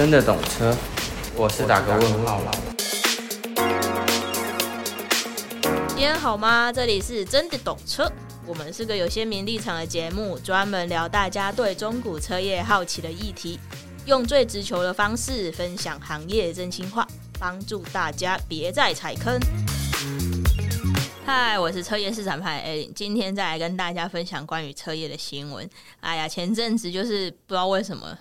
真的懂車，我是打個問號我大哥問號。姥。今天好嗎？這裡是真的懂車，我們是個有鮮明立場的節目，專門聊大家對中古車業好奇的議題，用最直球的方式分享行業真心話，幫助大家別再踩坑。嗨、嗯，嗯、Hi, 我是車業市場派 A，今天再來跟大家分享關於車業的新聞。哎呀，前陣子就是不知道為什麼。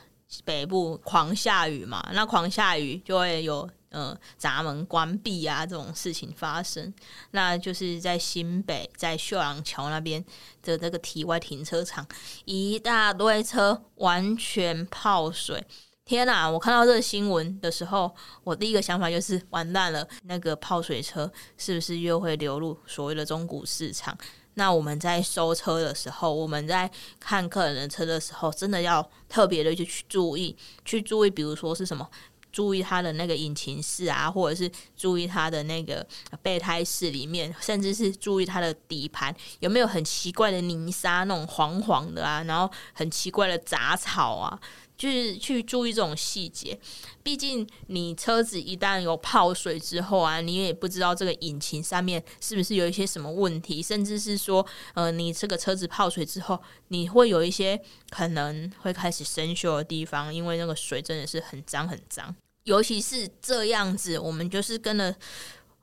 北部狂下雨嘛，那狂下雨就會有嗯、呃、閘門關閉啊，這種事情發生，那就是在新北在秀朗橋那邊的這個體外停車場，一大堆車完全泡水。天哪！我看到這個新聞的時候，我第一個想法就是完蛋了，那個泡水車是不是又會流入所謂的中古市場？那我們在收車的時候，我們在看客人的車的時候，真的要特別的去去注意，去注意，比如說是什麼，注意它的那個引擎室啊，或者是注意它的那個備胎室裡面，甚至是注意它的底盤有沒有很奇怪的泥沙，那種黃黃的啊，然後很奇怪的雜草啊。就是去注意這種細節，畢竟你車子一旦有泡水之後啊，你也不知道這個引擎上面是不是有一些什麼問題，甚至是說，呃，你這個車子泡水之後，你會有一些可能會開始生鏽的地方，因為那個水真的是很髒很髒，尤其是這樣子，我們就是跟了。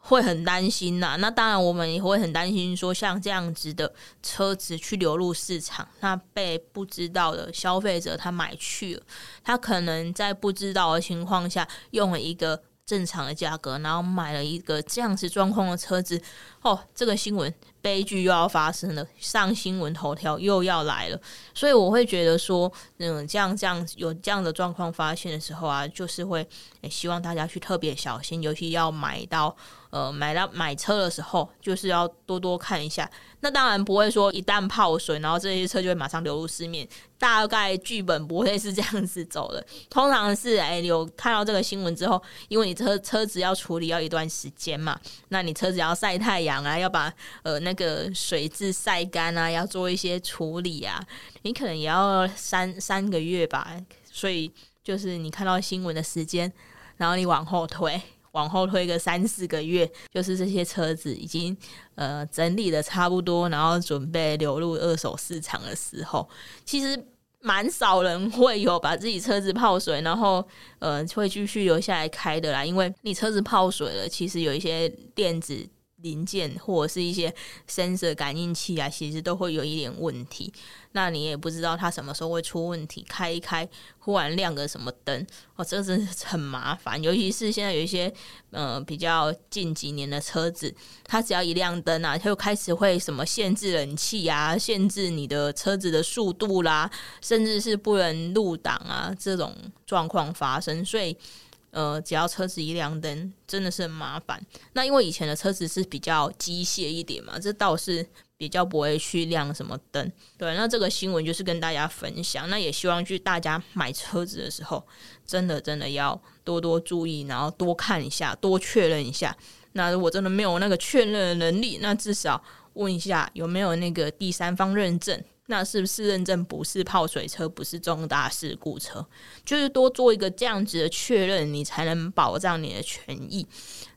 會很擔心吶、啊，那當然我們也會很擔心，說像這樣子的車子去流入市場，那被不知道的消費者他買去了，他可能在不知道的情況下用了一個正常的價格，然後買了一個這樣子狀況的車子，哦，這個新聞悲劇又要發生了，上新聞頭條又要來了，所以我會覺得說，嗯，這樣這樣有這樣的狀況發現的時候啊，就是會、欸、希望大家去特別小心，尤其要買到。呃，買到買車的時候，就是要多多看一下。那當然不會說一旦泡水，然後這些車就會馬上流入市面，大概劇本不會是這樣子走的。通常是，哎、欸，你有看到這個新聞之後，因為你車車子要處理要一段時間嘛，那你車子要曬太陽啊，要把呃那個水質曬乾啊，要做一些處理啊，你可能也要三三個月吧。所以就是你看到新聞的時間，然後你往後推。往後推個三四個月，就是這些車子已經呃整理的差不多，然後準備流入二手市場的時候，其實蠻少人會有把自己車子泡水，然後呃會繼續留下來開的啦。因為你車子泡水了，其實有一些電子。零件，或者是一些 sensor 感應器啊，其實都會有一點問題。那你也不知道它什麼時候會出問題，開一開忽然亮個什麼燈，哦，這真是很麻煩。尤其是現在有一些呃比較近幾年的車子，它只要一亮燈啊，它就開始會什麼限制冷氣啊，限制你的車子的速度啦，甚至是不能入檔啊，這種狀況發生，所以。呃，只要車子一亮燈，真的是很麻煩。那因為以前的車子是比較機械一點嘛，這倒是比較不會去亮什麼燈。對，那這個新聞就是跟大家分享，那也希望去大家買車子的時候，真的真的要多多注意，然後多看一下，多確認一下。那如果真的沒有那個確認的能力，那至少問一下有沒有那個第三方認證。那是不是認證不是泡水車，不是重大事故車？就是多做一個這樣子的確認，你才能保障你的權益。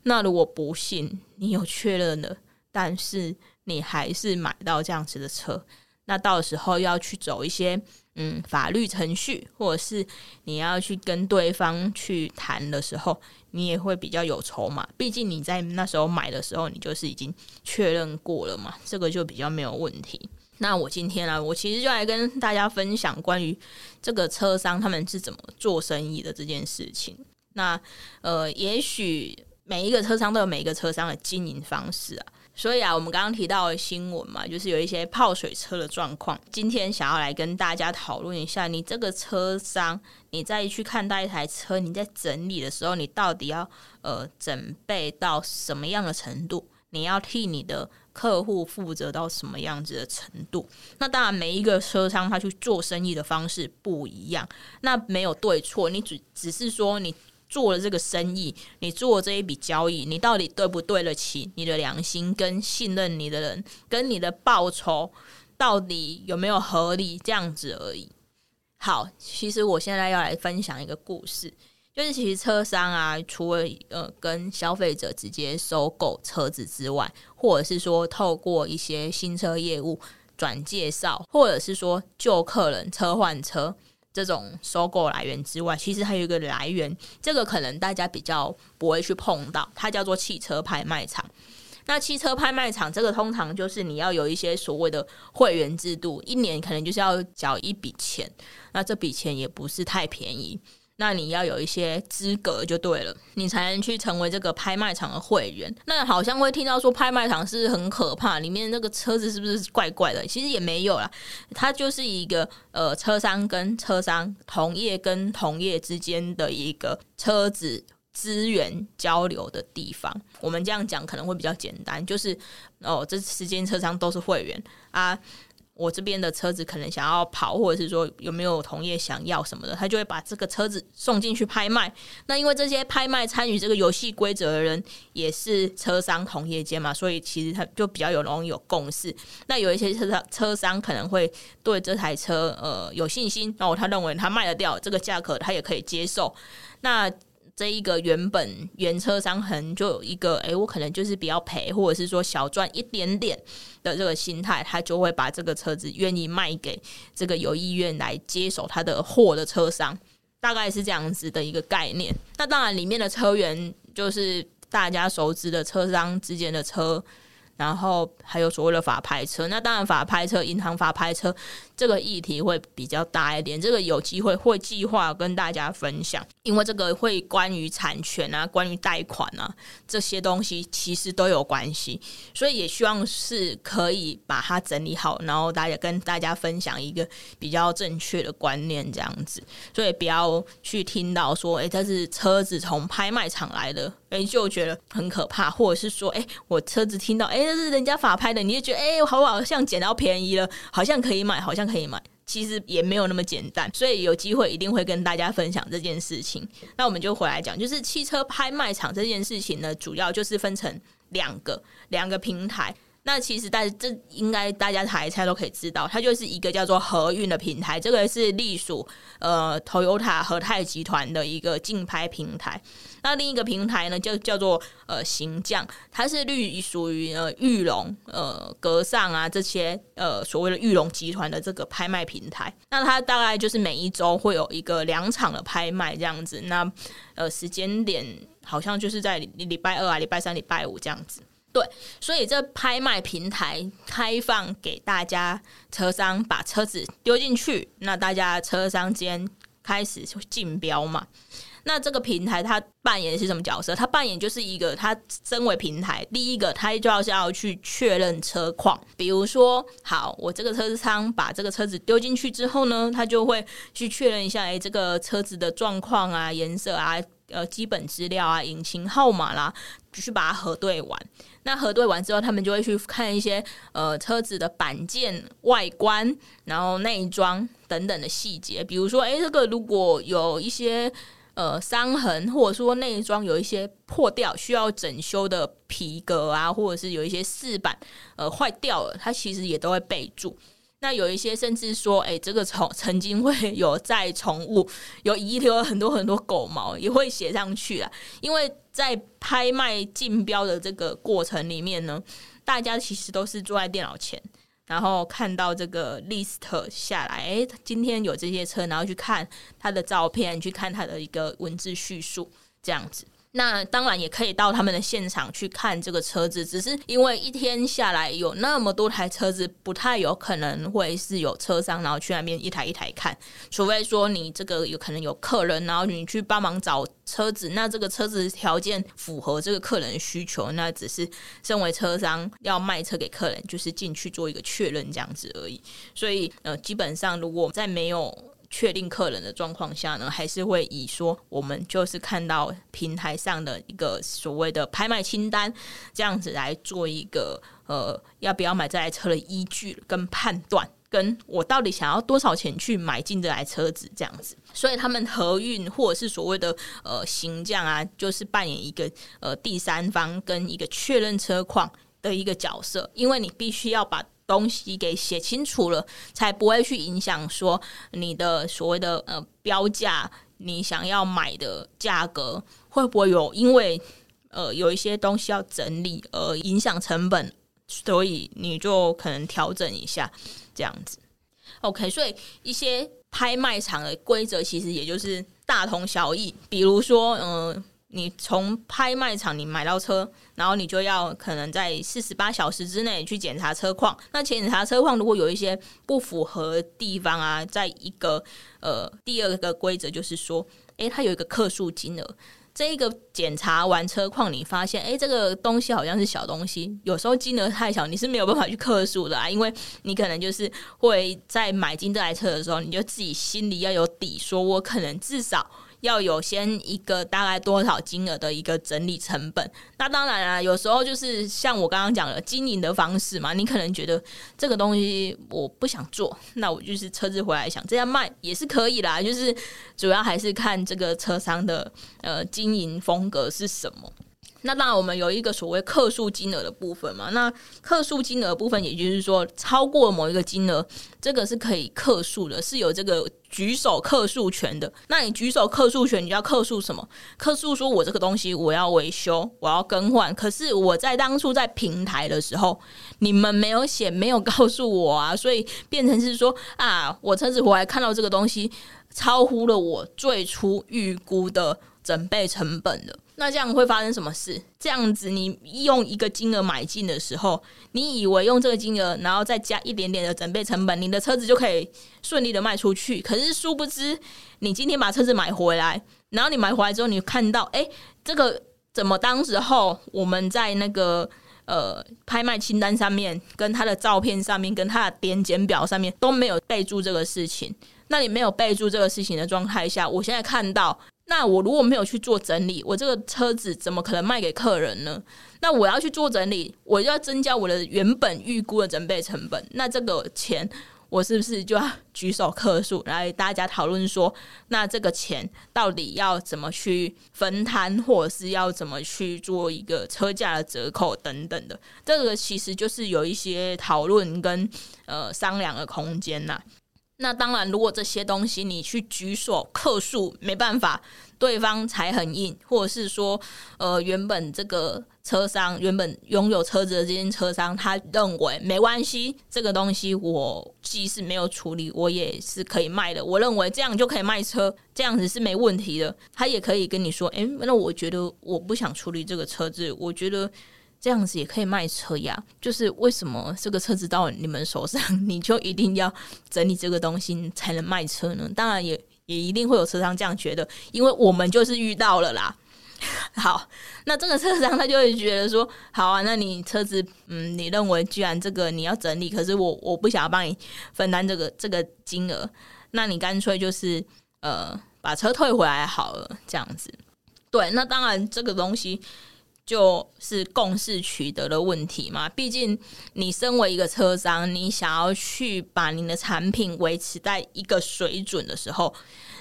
那如果不信，你有確認了，但是你還是買到這樣子的車，那到時候要去走一些嗯法律程序，或者是你要去跟對方去談的時候，你也會比較有籌碼。畢竟你在那時候買的時候，你就是已經確認過了嘛，這個就比較沒有問題。那我今天呢、啊，我其實就來跟大家分享關於這個車商他們是怎麼做生意的這件事情。那呃，也許每一個車商都有每一個車商的經營方式啊。所以啊，我們剛剛提到的新聞嘛，就是有一些泡水車的狀況。今天想要來跟大家討論一下，你這個車商，你再去看待一台車，你在整理的時候，你到底要呃整備到什麼樣的程度？你要替你的。客戶負責到什麼樣子的程度？那當然，每一個車商他去做生意的方式不一樣，那沒有對錯，你只只是說你做了這個生意，你做這一筆交易，你到底對不對得起你的良心、跟信任你的人、跟你的報酬，到底有沒有合理這樣子而已。好，其實我現在要來分享一個故事。就是其實車商啊，除了呃跟消費者直接收購車子之外，或者是說透過一些新車業務轉介紹，或者是說舊客人車換車這種收購來源之外，其實還有一個來源，這個可能大家比較不會去碰到，它叫做汽車拍賣場。那汽車拍賣場這個通常就是你要有一些所謂的會員制度，一年可能就是要繳一筆錢，那這筆錢也不是太便宜。那你要有一些資格就對了，你才能去成為這個拍賣場的會員。那好像會聽到說拍賣場是很可怕，裡面那個車子是不是怪怪的？其實也沒有啦，它就是一個呃車商跟車商同業跟同業之間的一個車子資源交流的地方。我們這樣講可能會比較簡單，就是哦，這時間車商都是會員啊。我這邊的車子可能想要跑，或者是說有沒有同業想要什麼的，他就會把這個車子送進去拍賣。那因為這些拍賣參與這個遊戲規則的人也是車商同業間嘛，所以其實他就比較有容易有共識。那有一些車商車商可能會對這台車呃有信心，然後他認為他賣得掉這個價格，他也可以接受。那這一個原本原車商，可能就有一個，誒，我可能就是比較賠，或者是說小賺一點點的這個心態，他就會把這個車子願意賣給這個有意願來接手他的貨的車商，大概是這樣子的一個概念。那當然，裡面的車源就是大家熟知的車商之間的車。然後還有所謂的法拍車，那當然法拍車、銀行法拍車這個議題會比較大一點。這個有機會會計劃跟大家分享，因為這個會關於產權啊、關於貸款啊這些東西，其實都有關係。所以也希望是可以把它整理好，然後大家跟大家分享一個比較正確的觀念這樣子。所以不要去聽到說，哎，這是車子從拍賣場來的，哎，就覺得很可怕，或者是說，哎，我車子聽到，哎。就是人家法拍的，你就覺得哎，我、欸、好，好像撿到便宜了，好像可以買，好像可以買，其實也沒有那麼簡單。所以有機會一定會跟大家分享這件事情。那我們就回來講，就是汽車拍賣場這件事情呢，主要就是分成兩個、兩個平台。那其實，大這應該大家才猜都可以知道，它就是一個叫做和運的平台，這個是隸屬呃 Toyota 和泰集團的一個競拍平台。那另一個平台呢，就叫做呃行將，它是隸屬於呃裕隆呃格上啊這些呃所謂的裕隆集團的這個拍賣平台。那它大概就是每一周會有一個兩場的拍賣這樣子。那呃時間點好像就是在禮拜二啊、禮拜三、禮拜五這樣子。對，所以這拍賣平台開放給大家，車商把車子丟進去，那大家車商間開始競標嘛。那這個平台它扮演的是什麼角色？它扮演就是一個，它身為平台，第一個它就要是要去確認車況，比如說，好，我這個車商把這個車子丟進去之後呢，它就會去確認一下，誒，這個車子的狀況啊，顏色啊。呃，基本資料啊，引擎號碼啦、啊，就去把它核對完。那核對完之後，他們就會去看一些呃車子的板件、外觀、然後內裝等等的細節。比如說，誒，這個如果有一些呃傷痕，或者說內裝有一些破掉，需要整修的皮革啊，或者是有一些飾板呃壞掉了，它其實也都會備註。那有一些甚至說，誒、欸，這個寵曾經會有載寵物有遺留了很多很多狗毛，也會寫上去啦。因為在拍賣競標的這個過程裡面呢，大家其實都是坐在電腦前，然後看到這個 list 下來，誒、欸，今天有這些車，然後去看他的照片，去看他的一個文字敘述，這樣子。那當然也可以到他們的現場去看這個車子，只是因為一天下來有那麼多台車子，不太有可能會是有車商然後去那邊一台一台看，除非說你這個有可能有客人，然後你去幫忙找車子，那這個車子條件符合這個客人的需求，那只是身為車商要賣車給客人，就是進去做一個確認這樣子而已。所以呃，基本上如果在沒有。確定客人的狀況下呢，還是會以說我們就是看到平台上的一個所謂的拍賣清單這樣子來做一個呃要不要買這台車的依據跟判斷，跟我到底想要多少錢去買進這台車子這樣子。所以他們合運或者是所謂的呃行將啊，就是扮演一個呃第三方跟一個確認車況的一個角色，因為你必須要把。東西給寫清楚了，才不會去影響說你的所謂的呃標價，你想要買的價格會不會有因為呃有一些東西要整理而影響成本，所以你就可能調整一下這樣子。OK，所以一些拍賣場的規則其實也就是大同小異，比如說嗯。呃你從拍賣場你買到車，然後你就要可能在四十八小時之內去檢查車況。那檢查車況如果有一些不符合地方啊，在一個呃第二個規則就是說，誒，它有一個客訴金額。這一個檢查完車況，你發現誒，這個東西好像是小東西。有時候金額太小，你是沒有辦法去客訴的啊，因為你可能就是會在買進這台車的時候，你就自己心裡要有底，說我可能至少。要有先一個大概多少金額的一個整理成本，那當然啦，有時候就是像我剛剛講的經營的方式嘛，你可能覺得這個東西我不想做，那我就是車子回來想這樣賣也是可以啦，就是主要還是看這個車商的呃經營風格是什麼。那當然，我們有一個所謂客訴金額的部分嘛。那客訴金額部分，也就是說，超過某一個金額，這個是可以客訴的，是有這個舉手客訴權的。那你舉手客訴權，你就要客訴什麼？客訴說我這個東西我要維修，我要更換。可是我在當初在平台的時候，你們沒有寫，沒有告訴我啊，所以變成是說啊，我車子回來看到這個東西，超乎了我最初預估的整備成本的。那這樣會發生什麼事？這樣子你用一個金額買進的時候，你以為用這個金額，然後再加一點點的整備成本，你的車子就可以順利的賣出去。可是殊不知，你今天把車子買回來，然後你買回來之後，你看到，哎、欸，這個怎麼？當時候我們在那個呃拍賣清單上面、跟他的照片上面、跟他的點檢表上面都沒有備註這個事情。那你沒有備註這個事情的狀態下，我現在看到。那我如果沒有去做整理，我這個車子怎麼可能賣給客人呢？那我要去做整理，我就要增加我的原本預估的整備成本。那這個錢，我是不是就要舉手客數來大家討論說，那這個錢到底要怎麼去分攤，或者是要怎麼去做一個車價的折扣等等的？這個其實就是有一些討論跟呃商量的空間吶、啊。那當然，如果這些東西你去舉手客訴，沒辦法，對方才很硬，或者是說，呃，原本這個車商原本擁有車子的這些車商，他認為沒關係，這個東西我即使沒有處理，我也是可以賣的。我認為這樣就可以賣車，這樣子是沒問題的。他也可以跟你說，誒、欸，那我覺得我不想處理這個車子，我覺得。這樣子也可以賣車呀，就是為什麼這個車子到你們手上，你就一定要整理這個東西才能賣車呢？當然也也一定會有車商這樣覺得，因為我們就是遇到了啦。好，那這個車商他就會覺得說：“好啊，那你車子，嗯，你認為既然這個你要整理，可是我我不想要幫你分擔這個這個金額，那你乾脆就是呃把車退回來好了，這樣子。”對，那當然這個東西。就是共識取得的問題嘛。畢竟你身為一個車商，你想要去把你的產品維持在一個水準的時候，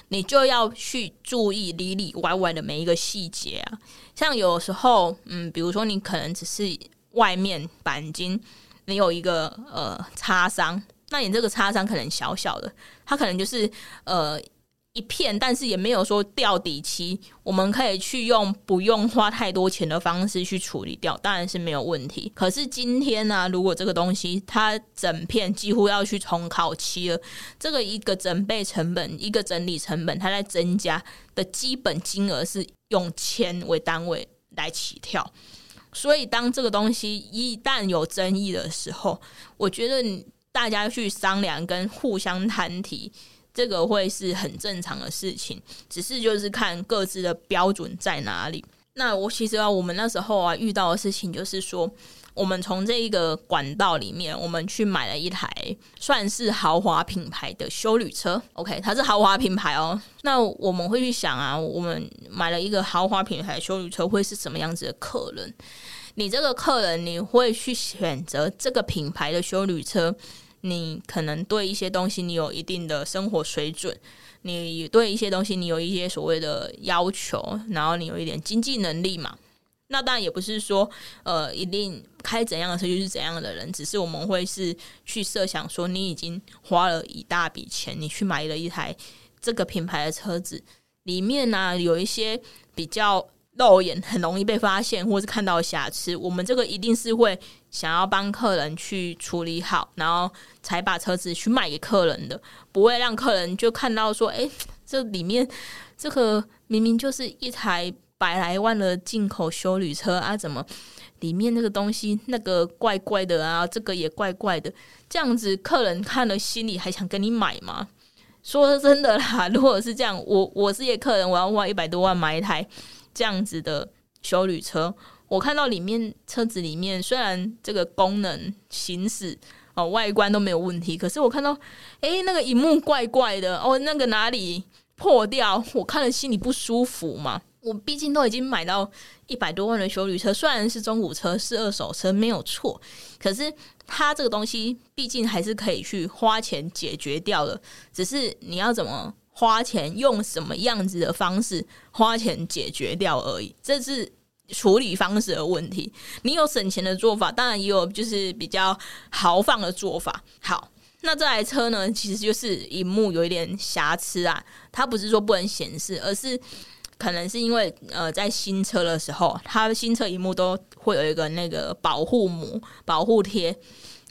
你就要去注意裡裡外外的每一個細節啊。像有時候，嗯，比如說你可能只是外面鈑金，你有一個呃擦傷，那你這個擦傷可能小小的，它可能就是呃。一片，但是也沒有說掉底漆，我們可以去用不用花太多錢的方式去處理掉，當然是沒有問題。可是今天呢、啊，如果這個東西它整片幾乎要去重烤漆了，這個一個整備成本、一個整理成本，它在增加的基本金額是用千為單位來起跳。所以，當這個東西一旦有爭議的時候，我覺得大家去商量跟互相攤提，這個會是很正常的事情，只是就是看各自的標準在哪裡。那我其實啊，我們那時候啊遇到的事情就是說，我們從這個管道裡面，我們去買了一台算是豪華品牌的休旅車。OK，它是豪華品牌哦。那我們會去想啊，我們買了一個豪華品牌休旅車，會是什麼樣子的客人？你這個客人，你會去選擇這個品牌的休旅車？你可能對一些東西你有一定的生活水準，你對一些東西你有一些所謂的要求，然後你有一點經濟能力嘛。那當然也不是說，呃，一定開怎樣的車就是怎樣的人，只是我們會是去設想說，你已經花了一大筆錢，你去買了一台這個品牌的車子，裡面呢，啊，有一些比較。肉眼很容易被發現，或是看到瑕疵。我們這個一定是會想要幫客人去處理好，然後才把車子去賣給客人的，不會讓客人就看到說：“哎、欸，這裡面這個明明就是一台百來萬的進口休旅車啊，怎麼裡面那個東西那個怪怪的啊，這個也怪怪的？”這樣子，客人看了心裡還想跟你買嗎？說真的啦，如果是這樣，我我是一客人，我要花一百多萬買一台。這樣子的休旅車，我看到裡面車子裡面，雖然這個功能行駛哦，外觀都沒有問題，可是我看到哎、欸、那個熒幕怪怪的哦，那個哪裡破掉，我看了心裡不舒服嘛。我畢竟都已經買到一百多萬的休旅車，雖然是中古車是二手車沒有錯，可是它這個東西畢竟還是可以去花錢解決掉的，只是你要怎麼？花錢用什麼樣子的方式花錢解決掉而已，這是處理方式的問題。你有省錢的做法，當然也有就是比較豪放的做法。好，那這台車呢，其實就是熒幕有一點瑕疵啊，它不是說不能顯示，而是可能是因為呃，在新車的時候，它的新車熒幕都會有一個那個保護膜、保護貼，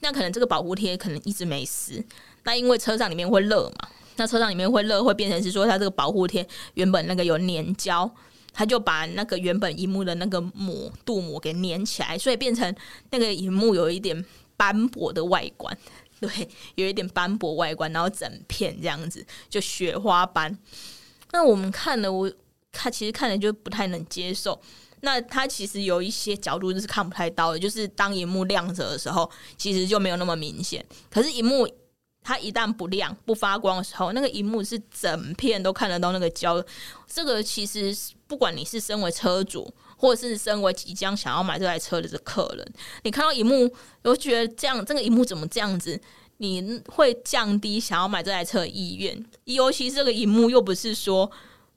那可能這個保護貼可能一直沒撕，但因為車上裡面會熱嘛。那車上裡面會熱，會變成是說，它這個保護貼原本那個有粘膠，它就把那個原本熒幕的那個膜鍍膜給粘起來，所以變成那個熒幕有一點斑駁的外觀，對，有一點斑駁外觀，然後整片這樣子就雪花斑。那我們看的，我看其實看的就不太能接受。那它其實有一些角度就是看不太到的，就是當熒幕亮着的時候，其實就沒有那麼明顯。可是熒幕。它一旦不亮、不發光的時候，那個熒幕是整片都看得到那個膠。這個其實不管你是身為車主，或者是身為即將想要買這台車的這客人，你看到熒幕，都覺得這樣，這個熒幕怎麼這樣子？你會降低想要買這台車的意願。尤其這個熒幕又不是說。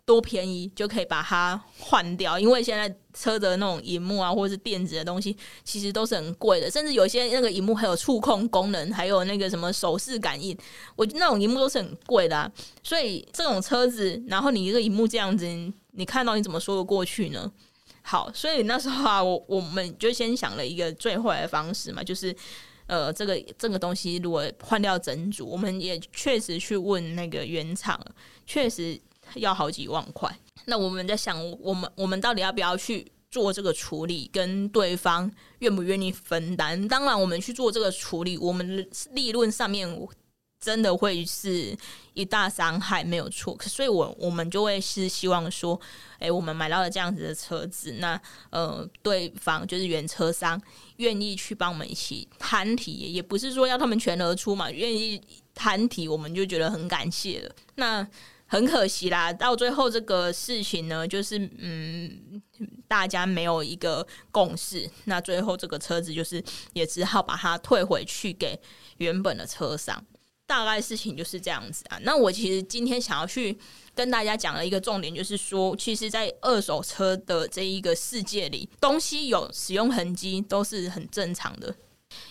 多便宜就可以把它換掉，因為現在車的那種熒幕啊，或者是電子的東西，其實都是很貴的。甚至有些那個熒幕還有觸控功能，還有那個什麼手勢感應，我覺得那種熒幕都是很貴的啊。所以這種車子，然後你一個熒幕這樣子，你看到你怎麼說得過去呢？好，所以那時候啊，我我們就先想了一個最壞的方式嘛，就是呃，這個這個東西如果換掉整組，我們也確實去問那個原廠，確實。要好幾萬塊，那我們在想，我們我們到底要不要去做這個處理？跟對方願不願意分擔？當然，我們去做這個處理，我們的利潤上面真的會是一大傷害，沒有錯。所以，我我們就會是希望說，哎、欸，我們買到了這樣子的車子，那呃，對方就是原車商願意去幫我們一起攤提，也不是說要他們全額出嘛，願意攤提，我們就覺得很感謝了。那很可惜啦，到最後這個事情呢，就是嗯，大家沒有一個共識，那最後這個車子就是也只好把它退回去給原本的車商。大概事情就是這樣子啊。那我其實今天想要去跟大家講的一個重點，就是說，其實在二手車的這一個世界裡，東西有使用痕跡都是很正常的，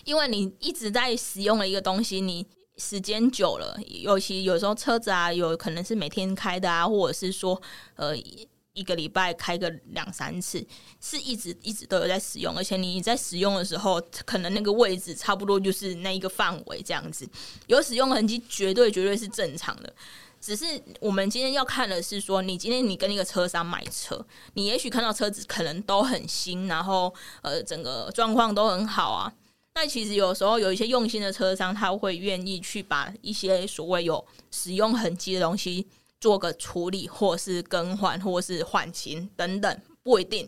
因為你一直在使用了一個東西，你。時間久了，尤其有時候車子啊，有可能是每天開的啊，或者是說，呃，一,一個禮拜開個兩三次，是一直一直都有在使用。而且你在使用的時候，可能那個位置差不多就是那一個範圍這樣子，有使用的痕跡，絕對絕對是正常的。只是我們今天要看的是說，你今天你跟一個車商買車，你也許看到車子可能都很新，然後呃，整個狀況都很好啊。但其實有時候有一些用心的車商，他會願意去把一些所謂有使用痕跡的東西做個處理，或是更換，或是換新等等，不一定，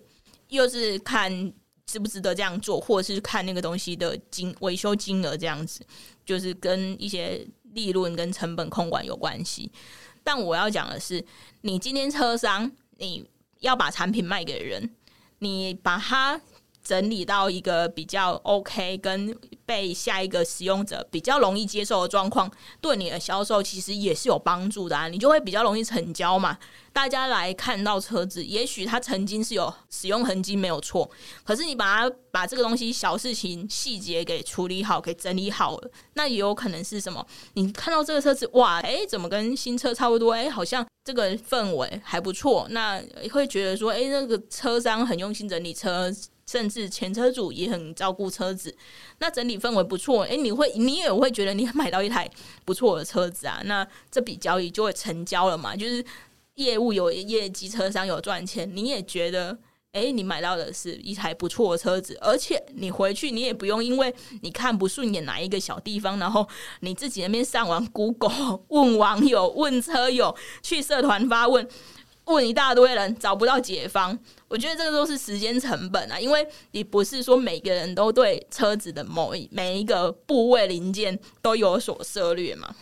又是看值不值得這樣做，或者是看那個東西的金維修金額這樣子，就是跟一些利潤跟成本控管有關係。但我要講的是，你今天車商，你要把產品賣給人，你把它整理到一個比較 OK，跟被下一個使用者比較容易接受的狀況，對你的銷售其實也是有幫助的啊。你就會比較容易成交嘛。大家來看到車子，也許它曾經是有使用痕跡，沒有錯。可是你把它把這個東西小事情細節給處理好，給整理好了，那也有可能是什麼？你看到這個車子，哇，誒、欸，怎麼跟新車差不多？誒、欸，好像這個氛圍還不錯。那會覺得說，誒、欸，那個車商很用心整理車。甚至前車主也很照顧車子，那整體氛圍不錯，誒、欸，你會你也會覺得你買到一台不錯的車子啊，那這筆交易就會成交了嘛。就是業務有業績，車商有賺錢，你也覺得誒，欸、你買到的是一台不錯的車子，而且你回去你也不用因為你看不順眼哪一個小地方，然後你自己那邊上網 Google 問網友問車友去社團發問。問一大堆人，找不到解方，我覺得這個都是時間成本啊，因為你不是說每個人都對車子的某一每一個部位零件都有所涉獵嘛？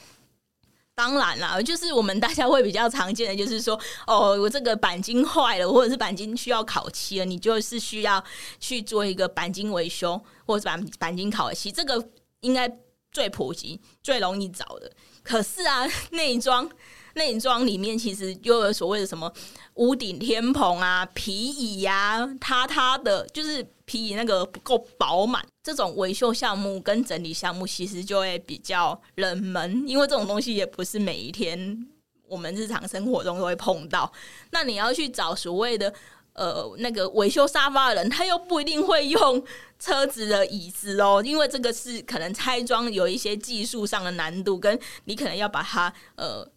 當然啦，啊，就是我們大家會比較常見的，就是說，哦，我這個鈑金壞了，或者是鈑金需要烤漆了，你就是需要去做一個鈑金維修或者板鈑金烤漆，這個應該最普及、最容易找的。可是啊，內裝。內裝裡面其實又有所謂的什麼屋頂天棚啊、皮椅呀、啊、塌塌的，就是皮椅那個不夠飽滿，這種維修項目跟整理項目其實就會比較冷門，因為這種東西也不是每一天我們日常生活中都會碰到。那你要去找所謂的呃那個維修沙發的人，他又不一定會用車子的椅子哦，因為這個是可能拆裝有一些技術上的難度，跟你可能要把它呃。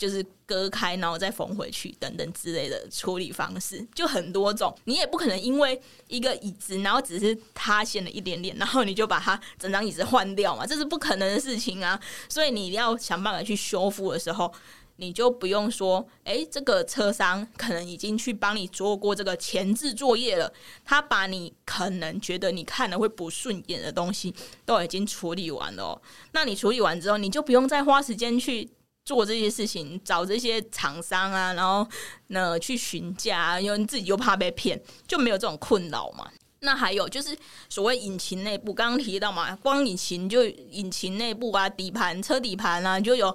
就是割開，然後再縫回去，等等之類的處理方式，就很多種。你也不可能因為一個椅子，然後只是塌陷了一點點，然後你就把它整張椅子換掉嘛？這是不可能的事情啊！所以你要想辦法去修復的時候，你就不用說，哎、欸，這個車商可能已經去幫你做過這個前置作業了，他把你可能覺得你看了會不順眼的東西都已經處理完了、哦。那你處理完之後，你就不用再花時間去。做這些事情，找這些廠商啊，然後呢去詢價啊，因為你自己又怕被騙，就沒有這種困擾嘛。那還有就是所謂引擎內部，剛剛提到嘛，光引擎就引擎內部啊，底盤、車底盤啊，就有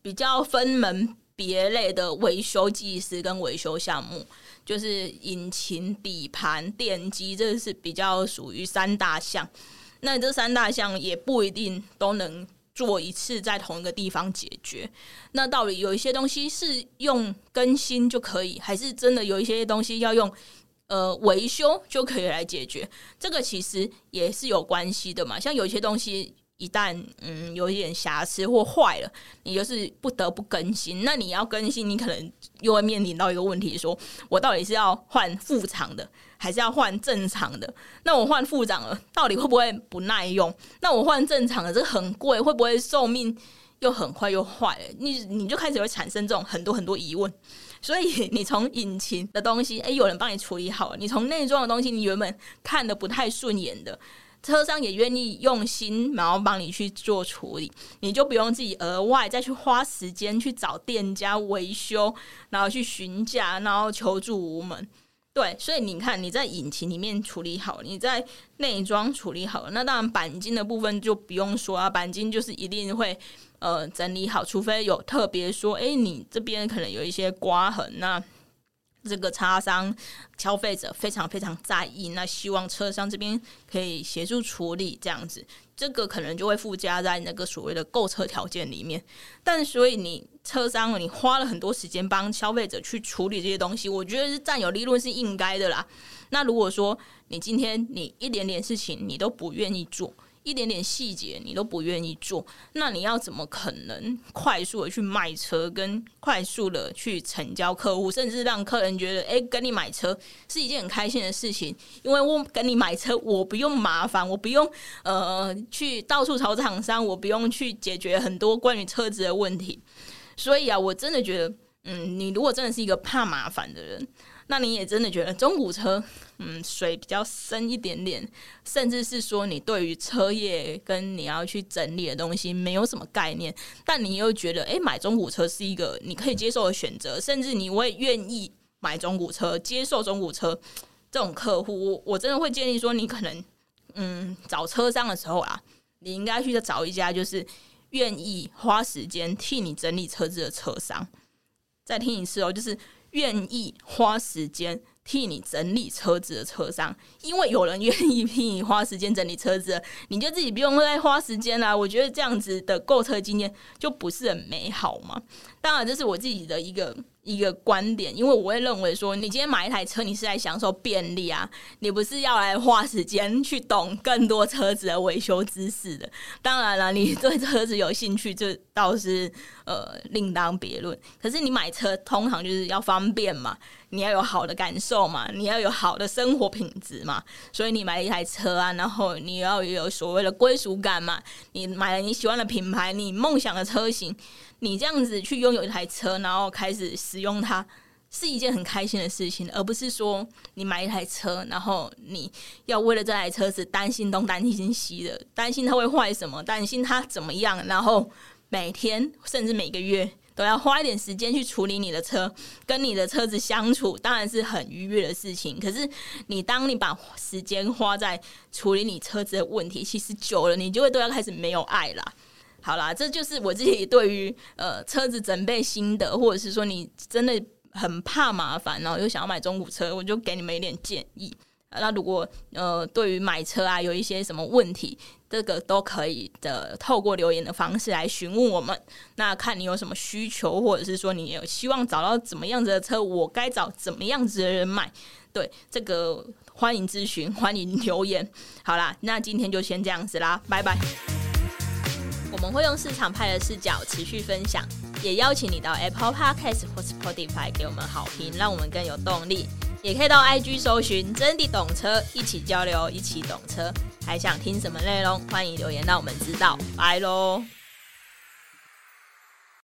比較分門別類的維修技師跟維修項目，就是引擎、底盤、電機，這是比較屬於三大項。那這三大項也不一定都能做一次在同一個地方解決，那到底有一些東西是用更新就可以，還是真的有一些東西要用呃維修就可以來解決？這個其實也是有關係的嘛。像有些東西。一旦嗯有點瑕疵或壞了，你就是不得不更新。那你要更新，你可能又會面臨到一個問題說，我到底是要換副廠的，還是要換正廠的？那我換副廠的，到底會不會不耐用？那我換正廠的，這個很貴，會不會壽命又很快又壞了？你你就開始會產生這種很多很多疑問。所以你從引擎的東西，誒，有人幫你處理好了，你從內裝的東西，你原本看得不太順眼的。車商也願意用心，然後幫你去做處理，你就不用自己額外再去花時間去找店家維修，然後去詢價，然後求助無門。對，所以你看你在引擎裡面處理好，你在內裝處理好，那當然鈑金的部分就不用說啊，鈑金就是一定會呃整理好，除非有特別說，哎、欸，你這邊可能有一些刮痕那、啊。這個差商，消費者非常非常在意，那希望車商這邊可以協助處理這樣子，這個可能就會附加在那個所謂的購車條件裡面。但所以你車商，你花了很多時間幫消費者去處理這些東西，我覺得是佔有利潤是應該的啦。那如果說你今天你一點點事情你都不願意做。一點點細節你都不願意做，那你要怎麼可能快速的去賣車，跟快速的去成交客戶，甚至讓客人覺得，欸，跟你買車是一件很開心的事情？因為我跟你買車，我不用麻煩，我不用呃去到處找廠商，我不用去解決很多關於車子的問題。所以啊，我真的覺得。嗯，你如果真的是一個怕麻煩的人，那你也真的覺得中古車，嗯，水比較深一點點，甚至是說你對於車業跟你要去整理的東西沒有什麼概念，但你又覺得，欸，買中古車是一個你可以接受的選擇，甚至你會願意買中古車，接受中古車這種客戶，我我真的會建議說，你可能，嗯，找車商的時候啊，你應該去找一家就是願意花時間替你整理車子的車商。再聽一次哦，就是願意花時間替你整理車子的車商，因為有人願意替你花時間整理車子的，你就自己不用再花時間了、啊。我覺得這樣子的購車經驗就不是很美好嘛。當然，這是我自己的一個一個觀點，因為我會認為說，你今天買一台車，你是來享受便利啊，你不是要來花時間去懂更多車子的維修知識的。當然了啊，你對車子有興趣，這倒是呃另當別論。可是你買車通常就是要方便嘛，你要有好的感受嘛，你要有好的生活品質嘛，所以你買一台車啊，然後你要有所謂的歸屬感嘛，你買了你喜歡的品牌，你夢想的車型，你這樣子去用。有一台車，然後開始使用它，是一件很開心的事情，而不是說你買一台車，然後你要為了這台車子擔心東，擔心西的，擔心它會壞什麼，擔心它怎麼樣，然後每天甚至每個月都要花一點時間去處理你的車，跟你的車子相處，當然是很愉悅的事情。可是，你當你把時間花在處理你車子的問題，其實久了，你就會都要開始沒有愛啦。好啦，這就是我自己對於呃車子整備心得，或者是說你真的很怕麻煩，然後又想要買中古車，我就給你們一點建議。啊、那如果呃對於買車啊有一些什麼問題，這個都可以的、呃，透過留言的方式來詢問我們。那看你有什麼需求，或者是說你有希望找到怎麼樣子的車，我該找怎麼樣子的人買。對，這個歡迎諮詢，歡迎留言。好啦，那今天就先這樣子啦，拜拜。 我們會用市場派的視角持續分享，也邀請你到 Apple Podcast 或 Spotify 給我們好評，讓我們更有動力。也可以到 IG 搜尋“真的懂車”，一起交流，一起懂車。還想聽什麼內容？歡迎留言讓我們知道。拜嘍！